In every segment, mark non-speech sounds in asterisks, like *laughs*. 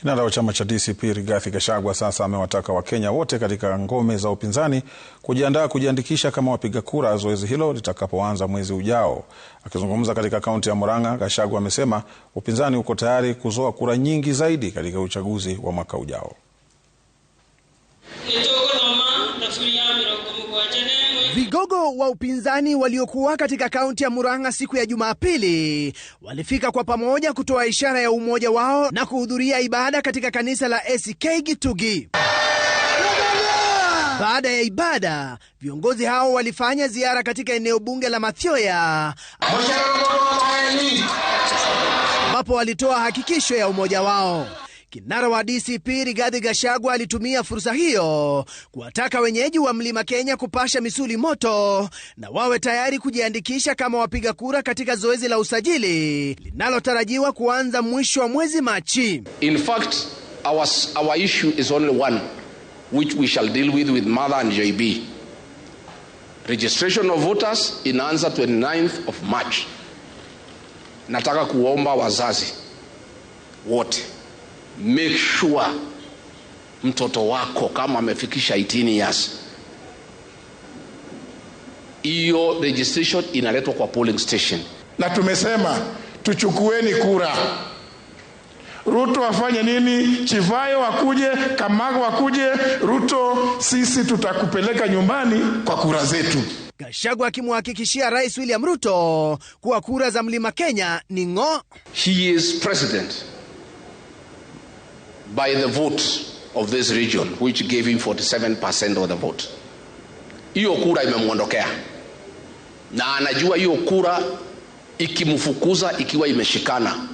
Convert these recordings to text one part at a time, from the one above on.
Kinara wa chama cha DCP Rigathi Gachagua sasa amewataka Wakenya wote katika ngome za upinzani kujiandaa kujiandikisha kama wapiga kura, zoezi hilo litakapoanza mwezi ujao. Akizungumza katika kaunti ya Murang'a, Gachagua amesema upinzani uko tayari kuzoa kura nyingi zaidi katika uchaguzi wa mwaka ujao. Vigogo wa upinzani waliokuwa katika kaunti ya Murang'a siku ya Jumapili walifika kwa pamoja kutoa ishara ya umoja wao na kuhudhuria ibada katika kanisa la ACK Gitugi. Baada ya ibada, viongozi hao walifanya ziara katika eneo bunge la Mathioya ambapo walitoa hakikisho ya umoja wao. Kinara wa DCP Rigathi Gachagua alitumia fursa hiyo kuwataka wenyeji wa Mlima Kenya kupasha misuli moto na wawe tayari kujiandikisha kama wapiga kura katika zoezi la usajili linalotarajiwa kuanza mwisho wa mwezi Machi. In fact, our, our issue is only one which we shall deal with with Mother and JB. Registration of voters inaanza 29th of March. Nataka kuomba wazazi wote make sure mtoto wako kama amefikisha 18 years hiyo registration inaletwa kwa polling station na tumesema tuchukueni kura ruto afanye nini chivayo wakuje kamago wakuje ruto sisi tutakupeleka nyumbani kwa kura zetu Gachagua akimhakikishia Rais William Ruto kuwa kura za Mlima Kenya ni ng'o. He is president by the vote of this region which gave him 47% of the vote. Hiyo kura imemwondokea na anajua hiyo kura ikimfukuza, ikiwa imeshikana,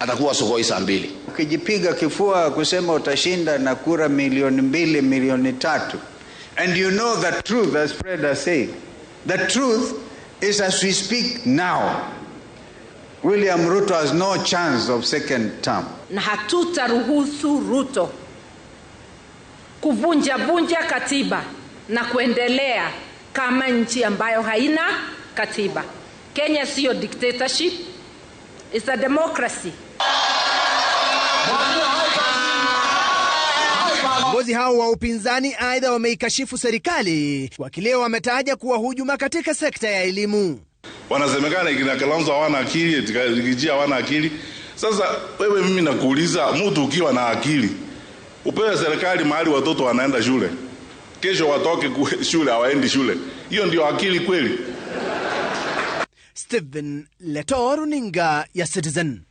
atakuwa sokoi saa mbili. Ukijipiga kifua kusema utashinda na kura milioni mbili milioni tatu and you know the truth as Fred has said the truth is as we speak now William Ruto has no chance of second term. Na hatutaruhusu Ruto kuvunja vunja katiba na kuendelea kama nchi ambayo haina katiba. Kenya siyo dictatorship, it's a democracy. Viongozi hao wa upinzani aidha wameikashifu serikali, wakileo wametaja kuwa hujuma katika sekta ya elimu wanasemekana ikina Kalonzo hawana akili, Gitija hawana akili. Sasa wewe, mimi nakuuliza, mtu ukiwa na akili upewe serikali mahali watoto wanaenda shule, kesho watoke *laughs* shule hawaendi shule, hiyo ndio akili kweli? Stephen Leto, runinga ya Citizen.